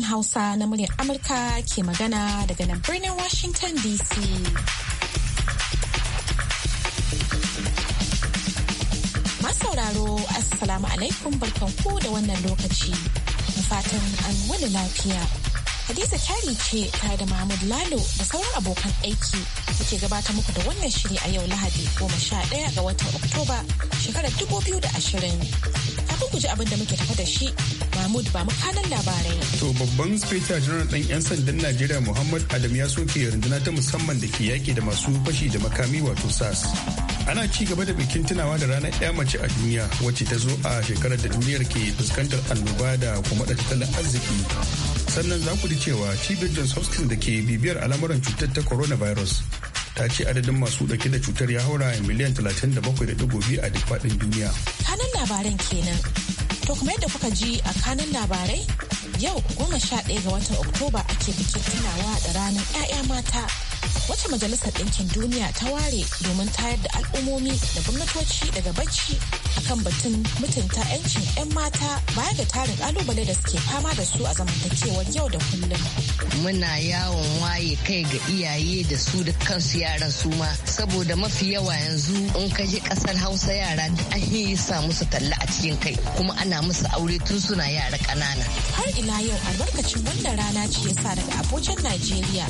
sashen Hausa na muryar Amurka ke magana daga nan birnin Washington DC. Masauraro, Assalamu alaikum barkanku da wannan lokaci. fatan an wani lafiya. Hadiza kyari ce tare da Mahmud Lalo da sauran abokan aiki da ke gabata muku da wannan shiri a yau Lahadi goma sha ɗaya ga watan Oktoba shekarar dubu biyu da ashirin. Kafin ku ji abin da muke tafa da shi, Mahmud ba kanan labarai. To babban Special General ɗan 'yan sandan Najeriya Muhammad Adam ya soke runduna ta musamman da ke yaƙi da masu fashi da makami wato SAS. Ana ci gaba da bikin tunawa da ranar ɗaya mace a duniya wacce ta zo a shekarar da duniyar ke fuskantar annoba da kuma da tattalin arziki. Sannan za ku ji cewa cibiyar Johns Hopkins da ke bibiyar al'amuran cutar ta coronavirus ta ce adadin masu dauke da cutar ya haura miliyan 37.2 a duk faɗin duniya. Kanan labaran kenan. To kuma yadda kuka ji a kanan labarai yau goma sha ɗaya ga watan Oktoba ake bikin tunawa da ranar 'ya'ya mata. wacce majalisar ɗinkin duniya ta ware domin tayar da al'ummomi da gwamnatoci daga bacci akan batun mutunta 'yancin 'yan mata baya ga tarin kalubale da suke fama da su a zamantakewar yau da kullum. Muna yawon waye kai ga iyaye da su da kansu yaran su ma saboda mafi yawa yanzu in ka je kasar Hausa yara da an yi sa musu talla a cikin kai kuma ana musu aure tun suna yara ƙanana. Har ila yau albarkacin wannan rana ce sa daga abokin Najeriya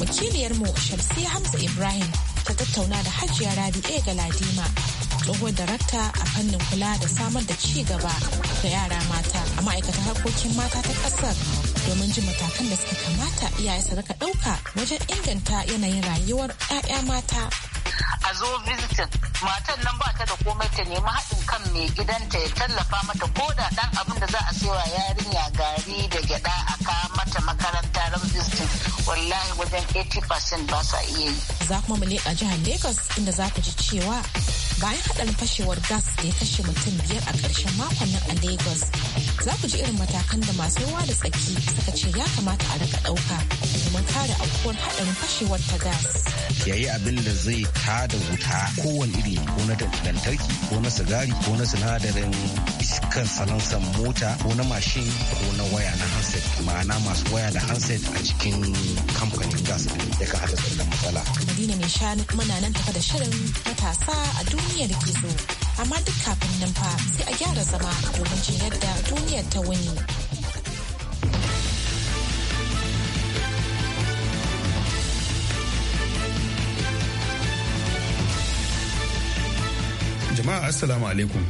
wakiliyarmu shamsi hamza ibrahim ta tattauna da hajiya ga galadima tsohon darakta a fannin kula da samar da ci gaba ga yara mata a ma'aikatar harkokin mata ta kasar domin jin matakan da suka kamata iyaye su rika ɗauka wajen inganta yanayin rayuwar 'ya'ya mata a zo visitin matan nan ba ta da komai ta nemi haɗin kan mai gidanta ya tallafa mata ko da ɗan abin da za a sayawa yarinya gari da gyaɗa a mata makaranta ran visitin wallahi wajen 80% ba sa iya yi. Za kuma mu a jihar Lagos inda za ku ji cewa bayan haɗarin fashewar gas da ya kashe mutum biyar a ƙarshen makon nan a lagos za ku ji irin matakan da masu ruwa da tsaki suka ce ya kamata a rika ɗauka domin kare aukuwar haɗarin fashewar ta gas yayi abin da zai tada wuta kowane iri ko na lantarki ko na sigari ko na sinadarin iskan salansan mota ko na mashin ko na waya na handset ma'ana masu waya da hanset a cikin kamfanin gas da ka haɗa da matsala. Madina mai shanu kuma na nan tafa da shirin matasa a duniya. ke gizo. Amma duk kafin nan fa sai a gyara zama domin jin yadda duniyar ta wani Jama'a Assalamu alaikum.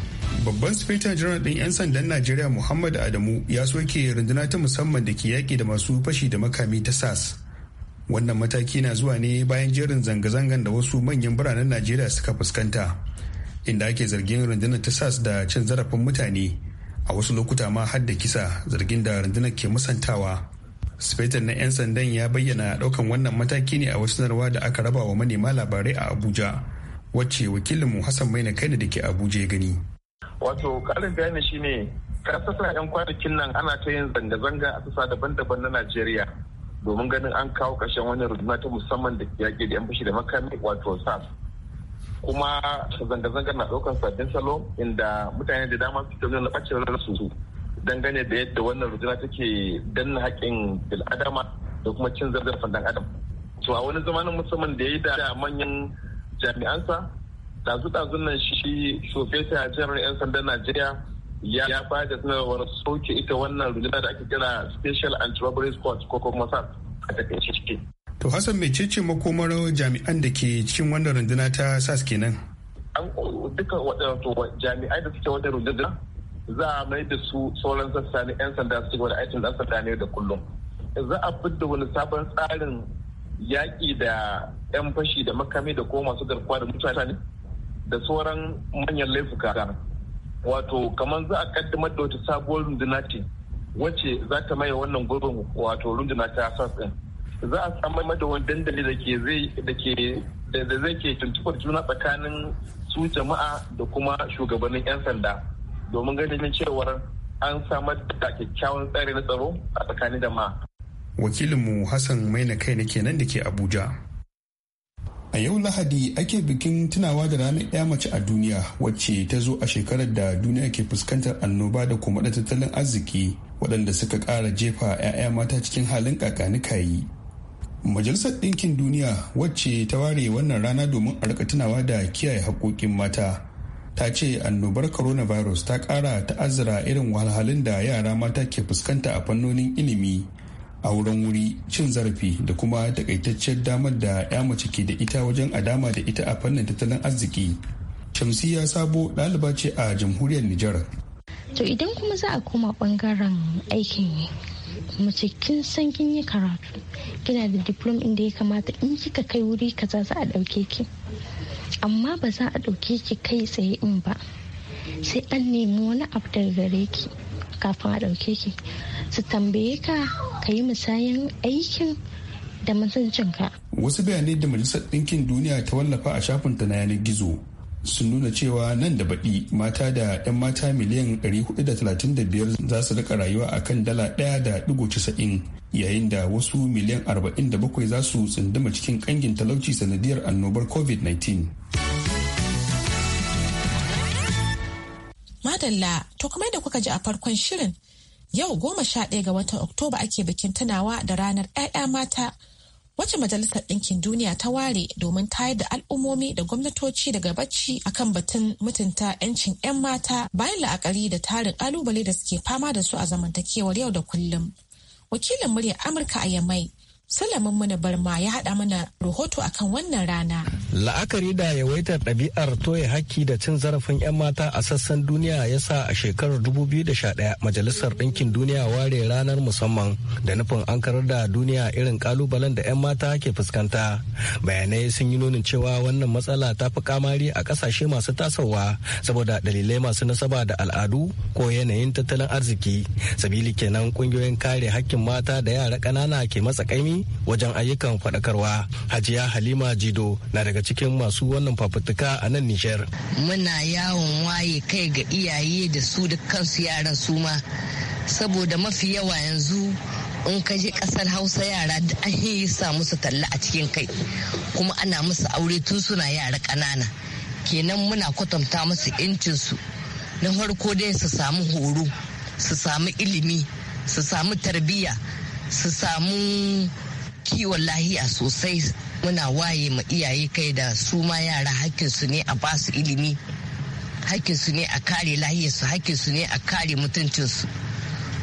Babban Sufetan Janar ɗin 'yan sandan Najeriya Muhammad Adamu ya soke runduna ta musamman da ke yaƙi da masu fashi da makami ta SAS. Wannan mataki na zuwa ne bayan jerin zanga-zangan da wasu manyan biranen Najeriya suka fuskanta. inda ake zargin rundunar ta sas da cin zarafin mutane a wasu lokuta ma har da kisa zargin da rundunar ke musantawa sifetan na 'yan sandan ya bayyana daukan wannan mataki ne a wasu sanarwa da aka raba wa manema labarai a abuja wacce wakilinmu hassan maina kaina da ke abuja ya gani wato karin bayani shine kasasa 'yan kwanakin nan ana ta yin zanga-zanga a sassa daban-daban na najeriya domin ganin an kawo ƙarshen wani runduna ta musamman da yaƙi da 'yan fashi da makami wato sas kuma zanga-zangar na daukar sabbin salo inda mutane da dama na suke na ɓacin su dangane da yadda wannan rujuna take danna haƙƙin bil'adama da kuma cin zarafin dan adam to a wani zamanin musamman da ya yi da manyan jami'ansa dazu-dazun nan shi sofeta jihar 'yan sandan najeriya ya ya bada sanarwar soke ita wannan rujuna da ake kira special anti-robbery squad ko kuma sa a takaice To Hassan mai mecece makomar jami'an da ke cikin wannan runduna ta SAS kenan? An duka waɗansu jami'ai da suke wannan runduna za a mai da su sauran sassa na 'yan sanda su da aikin ɗan sanda ne da kullum. Za a fidda wani sabon tsarin yaƙi da 'yan fashi da makami da kuma masu garkuwa da mutane da sauran manyan laifuka. Wato kamar za a kaddamar da wata sabuwar runduna ce wacce za ta maye wannan gurbin wato runduna ta SAS ɗin. za a samar da wani dandali da ke zai da zai ke tuntuɓar juna tsakanin su jama'a da kuma shugabannin 'yan sanda domin ganin cewar an samar da kyakkyawan tsari na tsaro a tsakanin jama'a. wakilinmu hassan maina kai na kenan da ke abuja a yau lahadi ake bikin tunawa da ranar ya mace a duniya wacce ta zo a shekarar da duniya ke fuskantar annoba da kuma da tattalin arziki waɗanda suka ƙara jefa 'ya'ya mata cikin halin kakanikayi Majalisar Ɗinkin Duniya wacce ta ware wannan rana domin a rika tunawa da kiyaye haƙoƙin mata ta ce annobar coronavirus ta ƙara ta'azzara irin wahalhalun da yara mata ke fuskanta a fannonin ilimi a wurin wuri cin zarafi da kuma takaitaccen damar da ya mace ke da ita wajen adama da ita a fannin tattalin arziki. ya Sabo ɗaliba ce a jamhuriyar Nijar. To idan kuma za a koma ɓangaren aikin mace kin san kin yi karatu kina da diplom inda ya kamata in kika kai wuri kaza za a ɗauke ki amma ba za a ɗauke ki kai tsaye in ba sai an nemi wani abu da gare ki kafin a ɗauke ki su tambaye ka ka yi musayan aikin da mutuncinka wasu bayanai da majalisar ɗinkin duniya ta wallafa a shafinta na yanar gizo sun nuna cewa nan da baɗi mata da 'yan mata miliyan 435 za su rika rayuwa a kan dala 1.90 yayin da wasu miliyan 47 za su tsunduma cikin kangin talauci sanadiyar annobar covid-19 madalla to kuma da kuka ji a farkon shirin yau goma sha ɗaya ga watan oktoba ake bikin tunawa da ranar 'ya'ya mata wacce Majalisar Ɗinkin Duniya ta ware domin tayar da al'ummomi da gwamnatoci daga bacci akan batun mutunta 'yancin 'yan mata bayan la'akari da tarin ƙalubale da suke fama da su a zamantakewar yau da kullum. Wakilin muryar Amurka a Yamai, Salamin mana barma ya haɗa mana rahoto akan wannan rana. La'akari da yawaitar ɗabi'ar toye hakki da cin zarafin 'yan mata a sassan duniya ya sa a shekarar 2011 Majalisar Ɗinkin Duniya ware ranar musamman da nufin an karar da duniya irin ƙalubalen da 'yan mata ke fuskanta. Bayanai sun yi nunin cewa wannan matsala ta fi kamari a ƙasashe masu tasowa saboda dalilai masu nasaba da al'adu ko yanayin tattalin arziki. Sabili kenan ƙungiyoyin kare haƙƙin mata da yara ƙanana ke matsa ƙaimi wajen ayyukan faɗakarwa hajiya halima jido na daga cikin masu wannan fafutuka a nan nijar muna yawon waye kai ga iyaye da su da kansu yaran su ma saboda mafi yawa yanzu in ka je kasar hausa yara da an yi sa musu talla a cikin kai kuma ana musu aure tun suna yara ƙanana kenan muna kwatanta musu su na farko dai su samu horo su samu ilimi su samu tarbiyya su samu kiwon lahiya sosai muna waye ma iyaye kai da su ma yara su ne a basu ilimi su ne a kare lahiyarsu su ne a kare mutuncinsu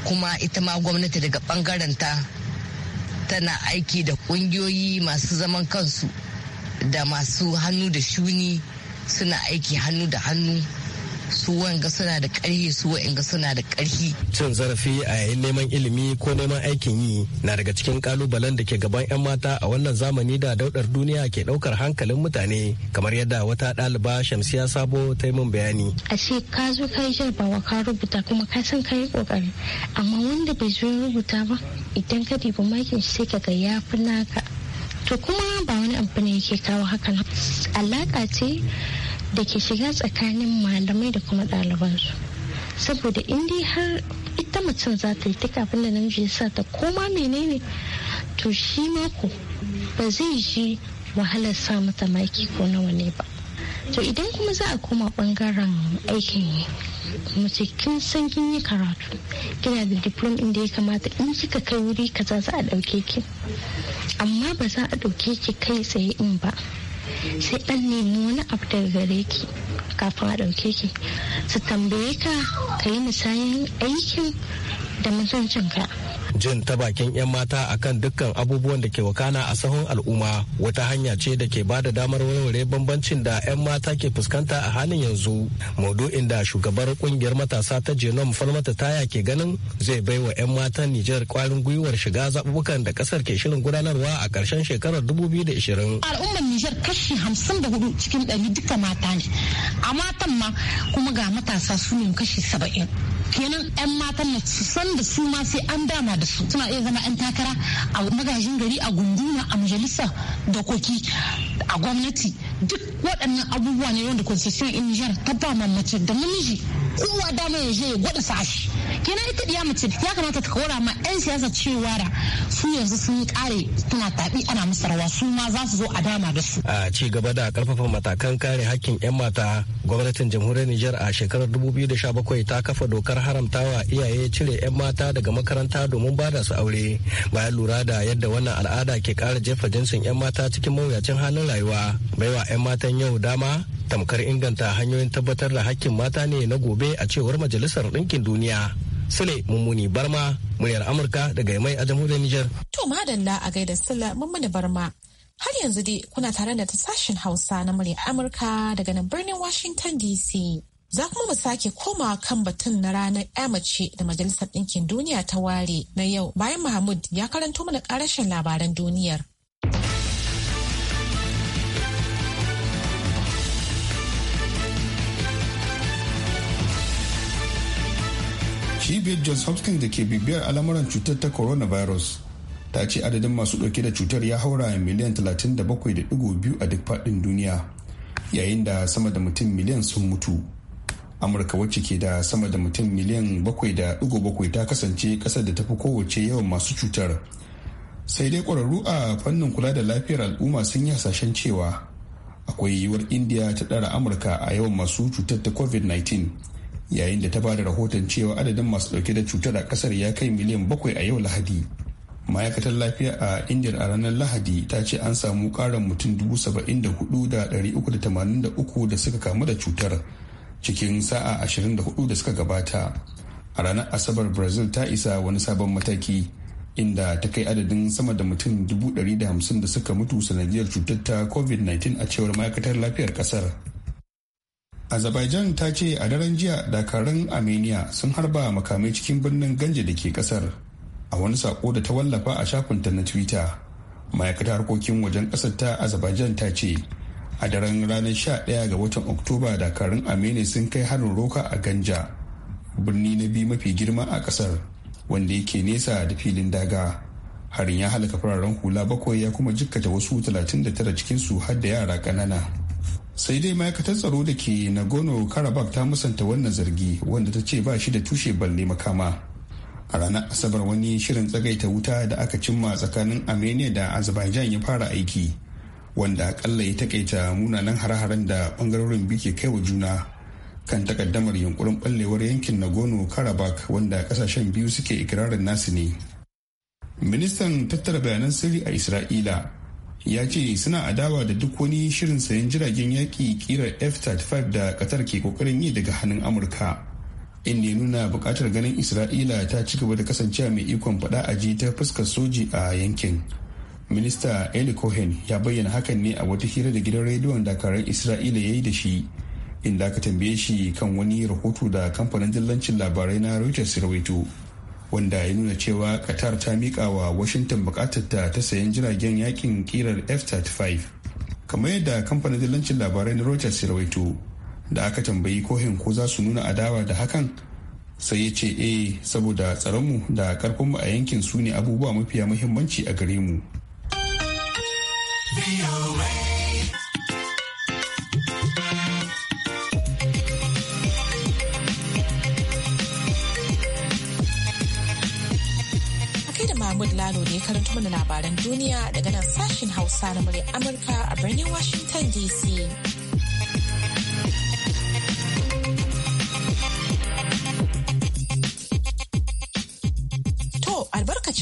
kuma ita ma gwamnati daga bangaranta tana aiki da kungiyoyi masu zaman kansu da masu hannu da shuni suna aiki hannu da hannu su wanga suna da ƙarfi su wanga suna da ƙarfi. Cin zarafi a yayin neman ilimi ko neman aikin yi na daga cikin kalubalen da ke gaban 'yan mata a wannan zamani da daudar duniya ke ɗaukar hankalin mutane kamar yadda wata ɗaliba Shamsiya Sabo ta yi min bayani. A ce ka zo ka yi jarabawa ka rubuta kuma ka san ka yi ƙoƙari amma wanda bai zo rubuta ba idan ka diba makin sai ka ga ya fi naka. To kuma ba wani abu ne yake kawo hakan. Alaƙa ce da ke shiga tsakanin malamai da kuma ɗalibansu saboda indi har ita mutum za ta yi ta kafin da namiji ya sa ta koma menene to shi mako ba zai ji wahalar sa mata maki ko nawa ne ba to idan kuma za a koma bangaren aikin mace kin san kin yi karatu kina da diplom da ya kamata in kika kai wuri kaza za a dauke ki amma ba za a dauke ki kai tsaye in ba sai an nemi wani abu daga gare ki kafin a ɗauke ki su tambaye ka ka yi musayin aikin da mutuncinka jin ta bakin 'yan mata a kan dukkan abubuwan da ke wakana a sahun al'umma wata hanya ce da ke bada damar warware bambancin da 'yan mata ke fuskanta a halin yanzu maudu'in inda shugabar kungiyar matasa ta genome falmata taya ke ganin zai bai wa 'yan matan nijar kwarin gwiwar shiga zaɓuɓɓukan da ƙasar ke shirin gudanarwa a ƙarshen shekarar 2020 al'ummar nijar kashi 54 cikin 100 duka mata ne a matan ma kuma ga matasa su ne kashi 70 kenan yan matan na san da su ma sai an dama da su suna iya zama yan takara a magajin gari a gunduma a majalisa dokoki a gwamnati duk waɗannan abubuwa ne wanda constitution in Niger ta ba ma mace da namiji kowa dama ya je ya gwada sashi kenan ita diya mace ya kamata ta kora ma 'yan siyasa cewa da su yanzu sun yi kare suna tabi ana musu rawa su ma za su zo a dama da su a ci gaba da karfafa matakan kare hakkin 'yan mata gwamnatin jamhuriyar Nijar a shekarar da 2017 ta kafa dokar haramtawa iyaye cire 'yan mata daga makaranta domin ba da su aure bayan lura da yadda wannan al'ada ke kara jefa jinsin 'yan mata cikin mawuyacin halin rayuwa baiwa 'yan matan yau dama tamkar inganta hanyoyin tabbatar da hakkin mata ne na gobe a cewar majalisar ɗinkin duniya sule mummuni barma muryar amurka daga mai a jamhuriyar niger to madalla a gaida sule mummuni barma har yanzu dai kuna tare da sashen hausa na muryar amurka daga nan birnin washington dc za kuma mu sake koma kan batun na ranar mace da majalisar ɗinkin duniya ta ware na yau bayan mahmud ya karanto mana ƙarashin labaran duniyar cibiyar johns hopkins da ke bibiyar al'amuran cutar ta coronavirus ta ce adadin masu ɗauke da cutar ya haura miliyan 37.2 a duk faɗin duniya yayin da sama da mutum miliyan sun mutu amurka wacce ke da sama da mutum miliyan 7.7 ta kasance ƙasar da tafi kowace yawan masu cutar sai dai ƙwararru a fannin kula da lafiyar al'umma sun yi hasashen cewa akwai yiwuwar indiya ta ɗara amurka a yawan masu cutar ta covid-19 yayin da ta ba da rahoton cewa adadin masu dauke da cutar a kasar ya kai miliyan bakwai a yau lahadi ma'aikatar lafiya a indiya a ranar lahadi ta ce an samu karin mutum dubu saba'in da hudu da dari uku da tamanin da uku da suka kamu da cutar cikin sa'a ashirin da hudu da suka gabata a ranar asabar brazil ta isa wani sabon mataki inda ta kai adadin sama da mutum dubu dari da hamsin da suka mutu sanadiyar cutar ta covid-19 a cewar ma'aikatar lafiyar kasar azerbaijan ta ce a daren jiya dakarun armenia sun harba makamai cikin birnin ganja da ke kasar a wani sako da ta wallafa a shafin ta na twitter ma'aikatar harkokin wajen kasar ta azerbaijan ta ce a daren ranar 11 ga watan oktoba dakarun armenia sun kai harin roka a ganja birni na biyu mafi girma a kasar wanda yake nesa da filin daga harin ya halaka fararen hula bakwai ya kuma jikkata wasu 39 cikinsu har da yara ƙanana sai dai ma'aikatar tsaro da ke nagorno karabakh ta musanta wannan zargi wanda ta ce ba shi da tushe balle makama a ranar asabar wani shirin tsagaita wuta da aka cimma tsakanin armenia da azerbaijan ya fara aiki wanda akalla ya takaita munanan hare-haren da bangarorin biyu ke kai wa juna kan takaddamar yunkurin ballewar yankin nagorno karabakh wanda kasashen biyu suke ikirarin nasu ne ministan tattara bayanan sirri a isra'ila ya ce suna adawa da duk wani shirin sayan jiragen yaƙi kirar f-35 da ƙasar ke kokarin yi daga hannun amurka inda ya nuna buƙatar ganin isra'ila ta ci gaba da kasancewa mai ikon faɗa a ji ta fuskar soji a yankin minista eli cohen ya bayyana hakan ne a wata hira da gidan rediyon dakarun isra'ila ya yi da shi inda aka tambaye shi kan wani rahoto da kamfanin dillancin labarai na reuters rawaito wanda ya nuna cewa qatar ta miƙa wa washington bukatarta ta sayan jiragen yakin kirar f-35 kamar yadda kamfanin dillancin labarai na reuters ya rawaito da aka tambayi kohin ko za su nuna adawa da hakan sai ya ce eh saboda tsaronmu da mu a yankin su ne abubuwa mafiya muhimmanci a gare mu. Mahmud Lalo ne ya karanto mana labaran duniya daga nan sashen Hausa na murya Amurka a birnin Washington DC.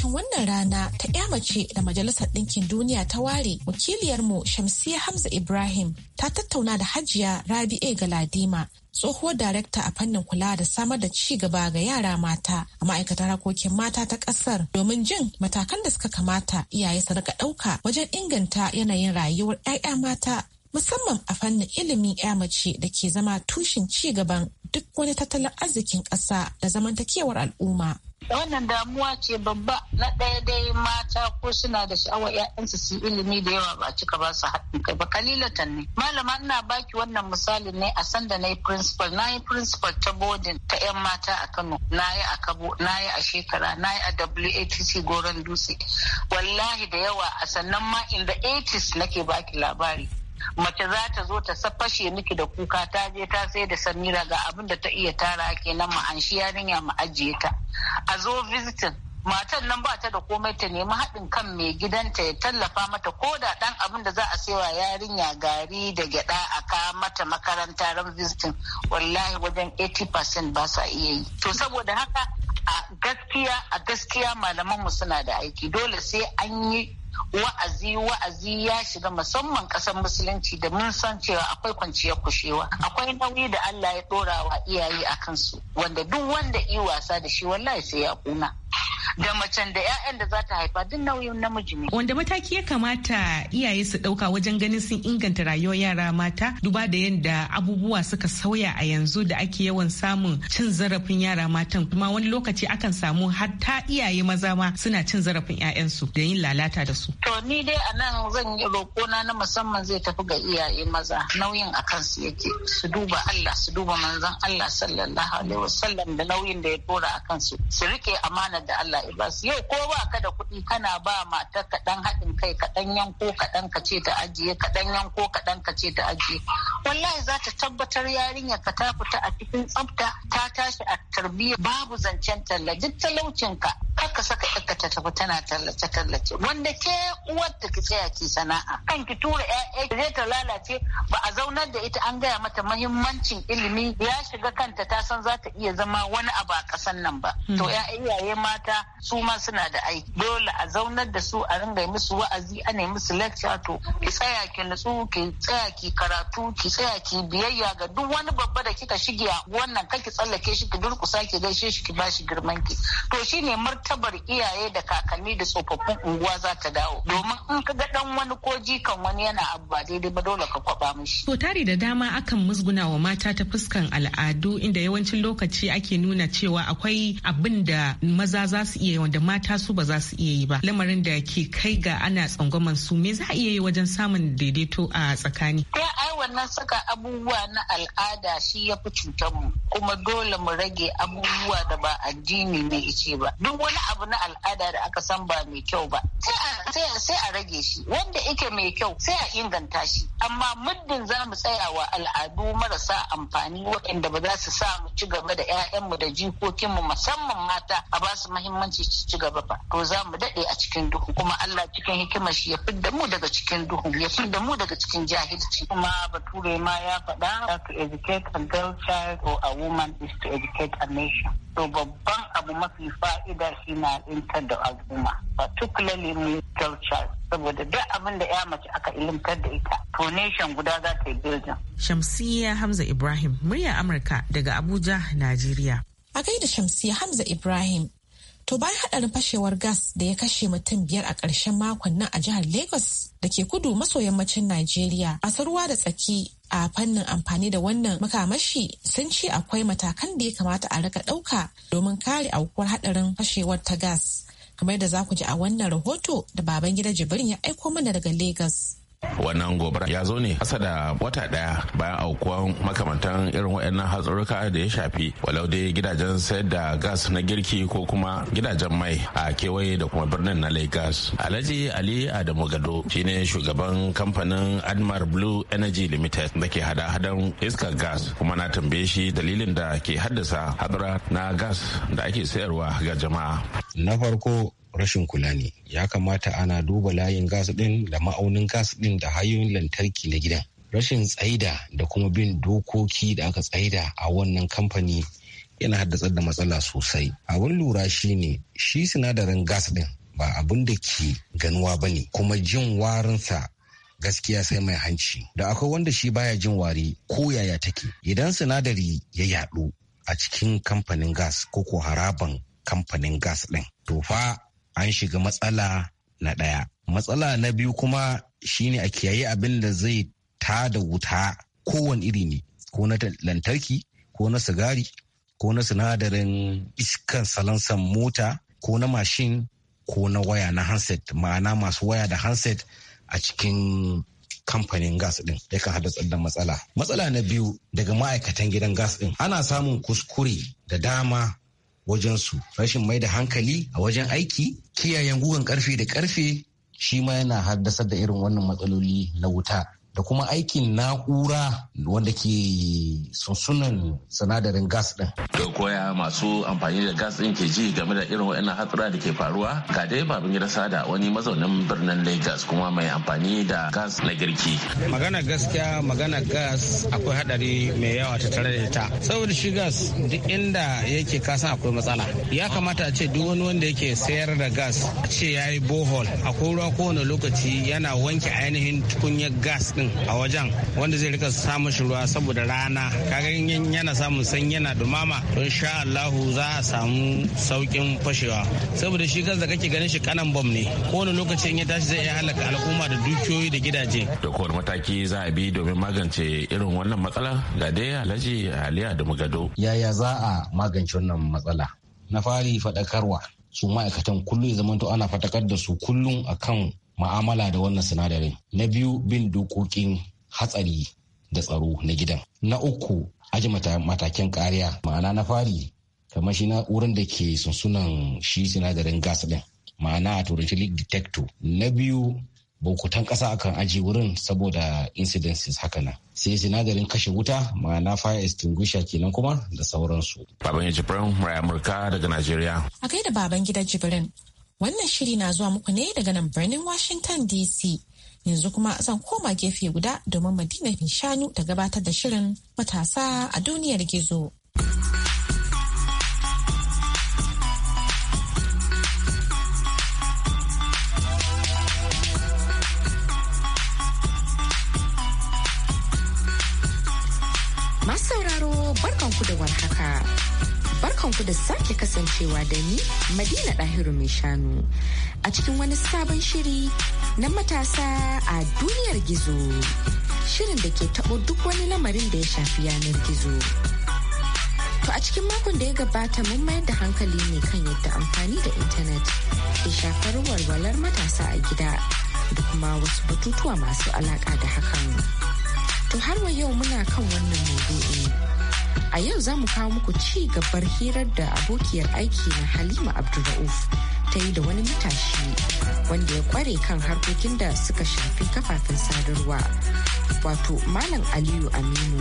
albarkacin wannan rana ta ya mace da Majalisar Ɗinkin Duniya ta ware wakiliyarmu Shamsiya Hamza Ibrahim ta tattauna da Hajiya ga Ladima, tsohuwar darekta a fannin kula da samar da ci gaba ga yara mata a ma'aikatar harkokin mata ta ƙasar, domin jin matakan da suka kamata iyaye su rika ɗauka wajen inganta yanayin rayuwar 'ya'ya mata musamman a fannin ilimin ya mace da ke zama tushen ci gaban duk wani tattalin arzikin ƙasa da zamantakewar al'umma. wannan damuwa ce babba na ɗaya dai mata ko suna da sha'awar ‘ya'yansu su ilimi da yawa ba cika ba su haɗin kai ba kalilatan ne malama ina baki wannan misali ne a sanda na yi principal na yi principal ta boarding ta ‘yan mata a kano na yi a kabo na yi a shekara na yi a watc goron dutse wallahi da yawa a sannan ma in the 80s nake baki labari mace za ta zo ta fashe miki da kuka ta je ta sai da samira ga abin da ta iya tara kenan ma an shi yarinya mu ajiye ta a zo visitin matan nan ba ta da komai ta nemi haɗin kan mai gidanta ya tallafa mata ko da ɗan abin da za a saiwa yarinya gari da gyaɗa a ka mata makaranta ran visitin wallahi wajen 80% ba sa iya yi to saboda haka a gaskiya a gaskiya malaman mu suna da aiki dole sai an yi wa'azi wa'azi ya shiga musamman kasar musulunci da mun san cewa akwai kwanciyar kushewa akwai nauyi da Allah ya dora wa iyaye a kansu wanda duk wanda yi wasa da shi wallahi sai ya kuna da macen da 'ya'yan da za ta haifa duk nauyin namiji ne. Wanda mataki ya kamata iyaye su ɗauka wajen ganin sun inganta rayuwar yara mata duba da yadda abubuwa suka sauya a yanzu da ake yawan samun cin zarafin yara matan kuma wani lokaci akan samu hatta iyaye maza ma suna cin zarafin 'ya'yansu da yin lalata da su. To ni dai a nan zan yi roƙona na musamman zai tafi ga iyaye maza nauyin a kansu yake su duba Allah su duba manzon Allah sallallahu alaihi wasallam da nauyin da ya dora a kansu su rike amana da Allah ya ba yau ko ba ka da kuɗi kana ba mata kaɗan haɗin kai kaɗan yanko kaɗan ka ce ta ajiye kaɗan yanko kaɗan ka ce ta ajiye wallahi za ta tabbatar yarinya ka ta fita a cikin tsafta ta tashi a tarbiyya babu zancen talla duk talaucin ka kar ka saka yarka ta tafi tana tallace tallace wanda ke uwar ta ki tsaya ki sana'a kan ki tura ƴaƴa zai ta lalace ba a zaunar da ita an gaya mata mahimmancin ilimi ya shiga kanta ta san za ta iya zama wani abu a kasan nan ba to hmm. ƴaƴa iyaye mata su ma suna da aiki dole a zaunar da su a ringa musu wa'azi ana musu lecture to ki tsaya ki nutsu ki tsaya ki karatu ki tsaya ki biyayya ga duk wani babba da kika shige wannan ki tsallake shi ki durkusa ki gaishe shi ki bashi girman ki to shine mar martabar iyaye da kakanni da tsofaffin unguwa za ta dawo domin in ka ga dan wani ko jikan wani yana abu ba daidai ba dole ka kwaba mishi. To tari da dama akan musguna wa mata ta fuskan al'adu inda yawancin lokaci ake nuna cewa akwai abin da maza za su iya yi wanda mata su ba za su iya yi ba lamarin da ke kai ga ana tsangwaman su me za a iya yi wajen samun daidaito a tsakani. Ta ai wannan saka abubuwa na al'ada shi ya fi cutar mu kuma dole mu rage abubuwa da ba addini ne ice ba duk wani abu na al'ada da aka san ba mai kyau ba sai a rage shi wanda ike mai kyau sai a inganta shi amma muddin za mu tsaya wa al'adu marasa amfani waɗanda ba za su sa mu ci gaba da 'ya'yanmu da jikokinmu musamman mata a ba su mahimmanci su ci gaba ba to za mu daɗe a cikin duhu kuma Allah cikin hikimar shi ya fidda mu daga cikin duhu ya fidda mu daga cikin jahilci kuma bature ma ya faɗa to educate a girl child or a woman is to educate a nation. So babban abu mafi fa'ida shi na ilimtar da al'umma. Particularly me culture. Saboda duk abin da ya mace aka ilimtar da ita, to nation guda za ta yi building. Shamsiyya Hamza Ibrahim, murya Amurka daga Abuja, Najeriya. A gaida Shamsiyya Hamza Ibrahim, To bayan hadarin fashewar gas da ya kashe mutum biyar a ƙarshen makon nan a jihar Lagos da ke kudu maso yammacin Najeriya, masu ruwa da tsaki a fannin amfani da wannan makamashi sun ce akwai matakan da ya kamata a rika ɗauka domin kare aukuwar hadarin fashewar ta gas. Kamar da za ku ji a wannan rahoto da baban gida Jibrin ya aiko mana daga Lagos. wannan gobara ya zo ne kasa da wata daya bayan aukuwan makamantan irin waɗannan hatsarurruka da ya shafi walau dai gidajen sayar da gas na girki ko kuma gidajen mai a kewaye da kuma birnin na lagos alhaji ali adamu gado shine shugaban kamfanin admar blue energy limited da ke hada-hadan iskar gas kuma na tambaye shi dalilin da ke haddasa hadura na gas da ake sayarwa ga jama'a na farko rashin kula ne ya kamata ana duba layin gas ɗin da ma'aunin gas ɗin da hanyoyin lantarki na gidan rashin tsaida da kuma bin dokoki da aka tsaida a wannan kamfani yana haddasar da matsala sosai abin lura shine shi sinadarin gas ɗin ba abin da ke ganuwa ba ne kuma jin warinsa gaskiya sai mai hanci da akwai wanda shi baya jin wari ko yaya take idan sinadari ya yaɗu a cikin kamfanin gas ko ko haraban kamfanin gas ɗin to fa an shiga matsala na ɗaya. Matsala na biyu kuma shine a kiyaye abin da zai ta da wuta kowane iri ne, ko na lantarki, ko na sigari, ko na sinadarin iskan salansan mota, ko na mashin, ko na waya na handset, ma'ana masu waya da handset a cikin kamfanin gas din yakan haddasa da matsala. Matsala na biyu daga ma'aikatan gidan gas ɗin. ana samun kuskure da dama wajensu rashin mai da hankali a wajen aiki kiyayen gugan karfe da karfe shi ma yana haddasar da irin wannan matsaloli na wuta da kuma aikin na'ura wanda ke sunsunan sinadarin gas din. Ga koya masu amfani da gas din ke ji game da irin wa'ina hatsura da ke faruwa ga dai babin gida sada wani mazaunin birnin Lagos kuma mai amfani da gas na girki. Magana gaskiya magana gas akwai hadari mai yawa ta tare da ita. Saboda shi gas duk inda yake kasan akwai matsala. Ya kamata a ce duk wani wanda yake sayar da gas a ce ya yi bohol ko ruwa kowane lokaci yana wanke ainihin tukunyar gas din din a wajen wanda zai rika samun shi ruwa saboda rana kaga yana samun sanyi yana dumama to insha Allahu za a samu saukin fashewa saboda shi kansa kake ganin shi kanan bom ne kowane lokaci in ya tashi zai iya halaka al'umma da dukiyoyi da gidaje da kowane mataki za a bi domin magance irin wannan matsala ga dai Alhaji Aliya da Mugado yaya za a magance wannan matsala na fari faɗakarwa su ma'aikatan kullum ya zamanta ana fatakar da su kullum akan ma'amala da wannan sinadarin na biyu bin dokokin hatsari da tsaro na gidan na uku aji matakin kariya ma'ana na fari kamar shi na'urar da ke sunsunan shi sinadarin gas din ma'ana a turanci leak detector na biyu bukutan kasa akan aji wurin saboda incidences haka nan sai sinadarin kashe wuta ma'ana fire extinguisher kenan kuma da sauransu. Baban Jibrin Murai Amurka daga Najeriya. A kai da baban gida Jibrin Wannan shiri na zuwa muku ne daga nan birnin Washington DC. Yanzu kuma zan koma gefe guda domin Madina Shanu ta gabatar da shirin matasa a duniyar gizo. Masu sauraro barkanku da warhaka. barkanku da sake kasancewa da ni Madina Dahiru mai shanu a cikin wani sabon shiri na matasa a duniyar gizo. Shirin da ke taɓo duk wani lamarin da ya shafi yanar gizo. To a cikin makon da ya gabata mun mayar da hankali ne kan yadda amfani da intanet ke shafar walwalar matasa a gida da kuma wasu batutuwa masu alaƙa da hakan. To har wa yau muna kan wannan maudu'i. A yau za mu kawo muku ci gabar hirar da abokiyar aiki na Halima Abdulrauf ta yi da wani matashi wanda ya kware kan harkokin da suka shafi kafafen sadarwa. Wato Malam Aliyu Aminu.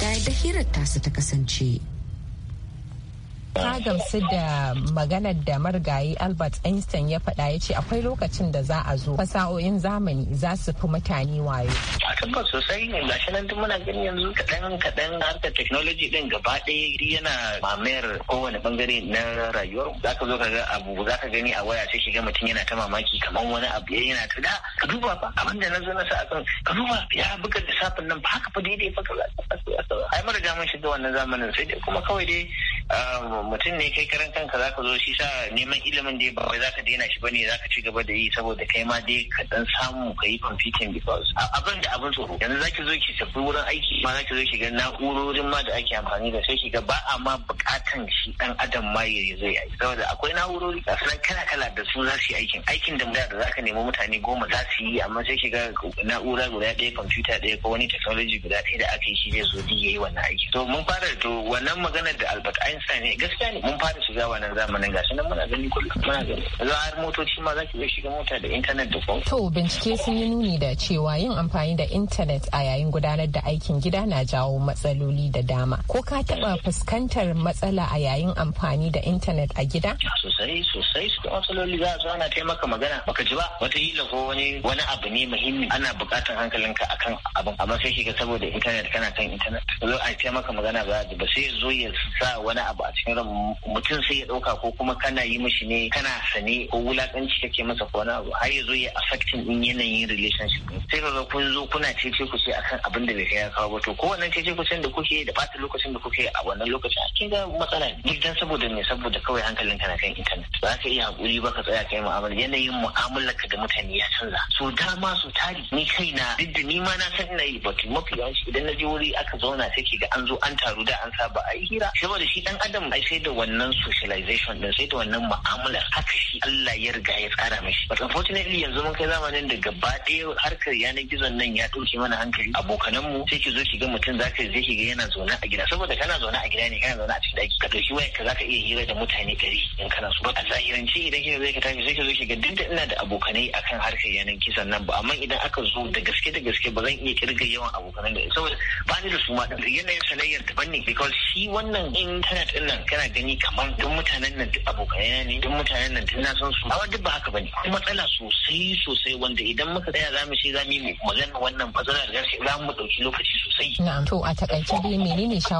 Da da hirar tasa ta kasance. ka gamsu da maganar da marigayi albert einstein ya faɗa ya ce akwai lokacin da za a zo fasa'o'in zamani za su fi mutane wayo a tabbas sosai gashi nan duk muna gani yanzu kaɗan kaɗan harkar technology ɗin gaba ɗaya yana mamayar kowane bangare na rayuwar za ka zo ka ga abu za ka gani a waya sai shiga mutum yana ta mamaki kamar wani abu ya yana ta da ka duba ba abin da na zo na sa a kan ka duba ya buga lissafin nan ba haka fa daidai fa ka ai mara mun shiga wannan zamanin sai dai kuma kawai dai mutum ne kai karan kanka zaka zo shi sa neman ilimin dai ba za ka daina shi bane zaka ci gaba da yi saboda kai ma dai ka dan samu ka yi competing because abin da abin tsoro yanzu zaki zo ki tafi wurin aiki ma zaki zo ki ga na'urorin ma da ake amfani da sai ki ga ba a ma bukatan shi dan adam ma ya zo ya yi saboda akwai na'urori sanan kala kala da su za su yi aikin aikin da da zaka nemi mutane goma za su yi amma sai ki ga na'ura guda ɗaya kwamfuta ɗaya ko wani technology guda ɗaya da aka yi shi zai zo ya yi wannan aiki to mun fara to wannan maganar da Albert sa ne gaskiya ne mun fara shiga wannan zamanin gashi nan muna gani kullum muna gani yanzu har motoci ma za ki iya shiga mota da intanet da kuma. to bincike sun yi nuni da cewa yin amfani da intanet a yayin gudanar da aikin gida na jawo matsaloli da dama ko ka taba fuskantar matsala a yayin amfani da intanet a gida. sosai sosai su matsaloli za su ana taimaka magana baka ji ba wata yi ko wani wani abu ne muhimmi ana buƙatar hankalinka akan abin amma sai shiga saboda intanet kana kan intanet zo a taimaka magana ba ba sai zo ya sa wani abu a cikin ran mutum sai ya ɗauka ko kuma kana yi mishi ne kana sane ko wulakanci kake masa ko na har ya zo ya affecting din yanayin relationship sai kaga kun zo kuna cece ku ce akan abin da bai kai ya kawo ba to ko wannan cece ku da kuke da fata lokacin da kuke a wannan lokacin a kin matsala ne duk dan saboda me saboda kawai hankalin kana kan internet ba ka iya hakuri ba ka tsaya kai mu'amala yanayin mu'amalar ka da mutane ya canza so dama su tari ni kaina duk da ni ma na san ina yi ba mafi yawanci idan na je wuri aka zauna sai ke ga an zo an taru da an saba a yi hira saboda shi dan dan adam ai sai da wannan socialization din sai da wannan mu'amalar haka shi Allah ya riga ya tsara mishi but unfortunately yanzu mun kai zamanin da gaba ɗaya harkar yanar gizon nan ya ɗauke mana hankali abokanan mu sai ki zo ki ga mutum zaka je ki ga yana zaune a gida saboda kana zaune a gida ne kana zaune a cikin daki ka ɗauki waya ka zaka iya hira da mutane ɗari in kana so a zahirance idan kika zo ki tashi sai ki zo ki ga duk da ina da abokanai akan harkar yanar gizon nan ba amma idan aka zo da gaske da gaske ba zan iya kirga yawan abokanan da saboda ba ni da su ma yanayin sanayyar daban ne because shi wannan in tana din nan kana gani kamar duk mutanen nan duk abokanai ne duk mutanen nan duk na san su amma duk ba haka bane kuma matsala sosai sosai wanda idan muka tsaya za mu shi za mu magana wannan matsalar gaske za mu dauki lokaci sosai na'am to a takaice dai menene ka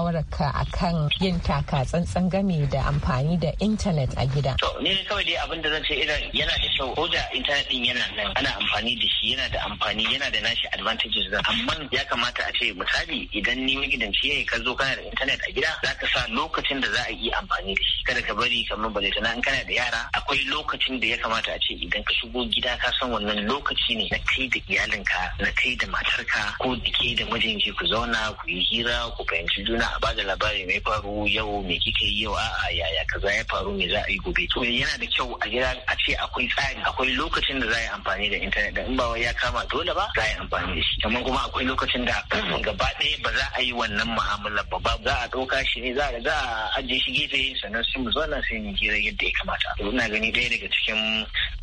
akan yin taka tsantsan game da amfani da internet a gida to ni kawai dai abin da zan ce idan yana da kyau ko da internet din yana nan ana amfani da shi yana da amfani yana da nashi advantages da amma ya kamata a ce misali idan ni magidanci ne ka zo kana da internet a gida za ka sa lokacin lokacin da za a yi amfani da shi kada ka bari kamar ba in kana da yara akwai lokacin da ya kamata a ce idan ka shigo gida ka san wannan lokaci ne na kai da iyalinka na kai da matarka ko da ke da mijinki ku zauna ku yi hira ku fahimci juna a bada labari mai faru yau me kika yi yau a'a yaya kaza ya faru me za a yi gobe to yana da kyau a gida a ce akwai tsari akwai lokacin da za a yi amfani da intanet da in ba ya kama dole ba za a yi amfani da shi amma kuma akwai lokacin da gaba ɗaya ba za a yi wannan mu'amala ba ba za a ɗauka shi ne za a ajiye shi gefe sannan sai mu zauna sai mu gira yadda ya kamata to ina gani ɗaya daga cikin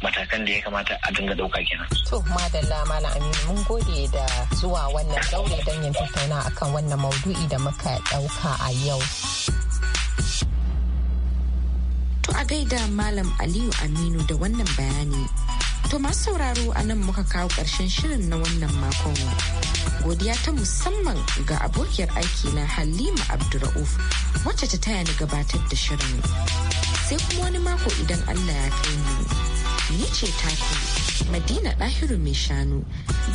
matakan da ya kamata a dinga ɗauka kenan. to madalla mana aminu mun gode da zuwa wannan daure don yin tattauna akan wannan maudu'i da muka ɗauka a yau. To a gaida malam Aliyu Aminu da wannan bayani. To masu sauraro a nan muka kawo ƙarshen shirin na wannan makon. Godiya ta musamman ga abokiyar aiki na Halima Abdurrauf wacce ta taya ni gabatar da shirin. Sai kuma wani mako idan Allah ya kai mu. Ni ce take Madina Ɗahiru mai shanu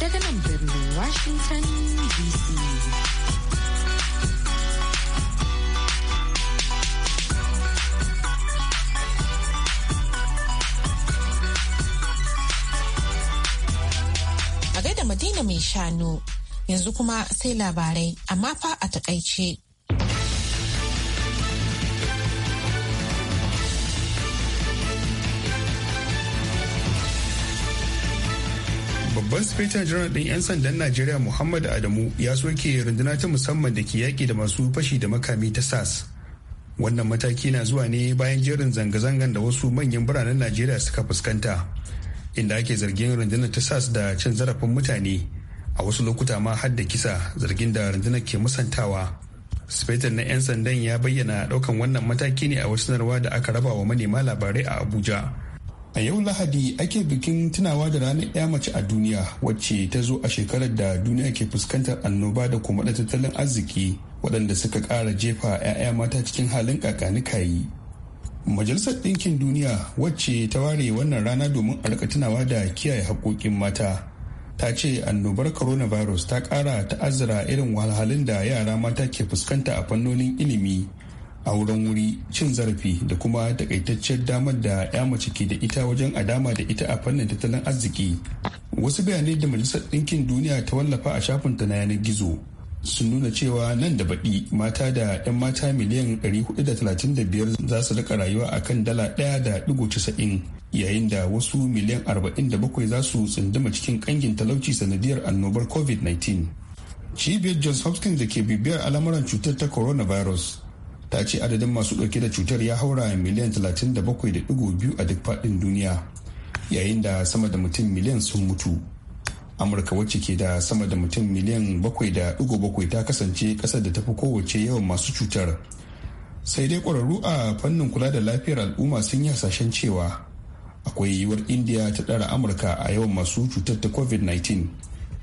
daga nan birnin Washington DC. Maina mai shanu. Yanzu kuma sai labarai, amma fa a takaice. babban sufetan janar ɗin 'yan sandan najeriya muhammad adamu ya soke runduna ta musamman da ke yaƙi da masu fashi da makami ta sas wannan mataki na zuwa ne bayan jerin zanga-zangan da wasu manyan biranen najeriya suka fuskanta inda ake zargin rundunar ta sas da cin zarafin mutane a wasu lokuta ma har da kisa zargin da rundunar ke musantawa spetan na 'yan sandan ya bayyana daukan wannan mataki ne a wasu sanarwa da aka raba wa manema labarai a abuja a yau lahadi ake bikin tunawa da ranar 'ya mace a duniya wacce ta zo a shekarar da duniya ke fuskantar annoba da kuma da tattalin arziki waɗanda suka ƙara jefa 'ya'ya mata cikin halin kakanikayi majalisar ɗinkin duniya wacce ta ware wannan rana domin a rika tunawa da kiyaye haƙoƙin mata ta ce annobar coronavirus ta ƙara ta'azzara irin wahalhalun da yara mata ke fuskanta a fannonin ilimi a wurin wuri cin zarafi da kuma takaitaccen damar da ya mace ke da ita wajen adama da ita a fannin tattalin arziki wasu bayanai da majalisar ɗinkin duniya ta wallafa a shafinta na yanar gizo sun nuna cewa nan da baɗi mata da 'yan mata miliyan 435 za su rika rayuwa a kan dala 1.90 yayin da wasu miliyan 47 za su tsunduma cikin kangin talauci sanadiyar annobar covid-19 cibiyar johns hopkins da ke bibiyar al'amuran cutar ta coronavirus ta ce adadin masu ɗauke da cutar ya haura miliyan 37.2 a duk faɗin duniya yayin da sama da mutum miliyan sun mutu. amurka wacce ke da sama da mutum miliyan bakwai da dugo bakwai ta kasance kasar da tafi kowace yawan masu cutar sai dai kwararru a fannin kula da lafiyar al'umma sun yi hasashen cewa akwai yiwuwar india ta ɗara amurka a yawan masu cutar ta covid-19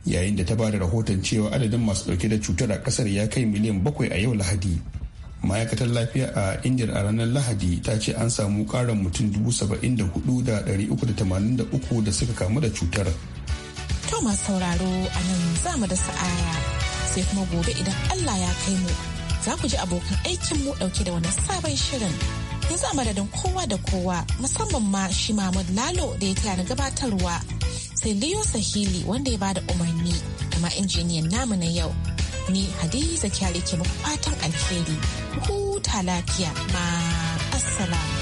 yayin da ta ba da rahoton cewa adadin masu ɗauke da cutar a ƙasar ya kai miliyan bakwai a yau lahadi ma'aikatar lafiya a indiya a ranar lahadi ta ce an samu ƙarin mutum 74,383 da suka kamu da cutar yau masu sauraro a nan za mu da sa'ara sai kuma gobe idan Allah ya kai mu za ku ji abokan aikin mu dauke da wani sabon shirin. Yanzu a madadin kowa da kowa musamman ma shi Mahmud Lalo da ya taya gabatarwa sai Leo Sahili wanda ya bada umarni da injiniyan namu na yau. Ni Hadiza Kyari ke muku alheri. Huta lafiya ma assalamu.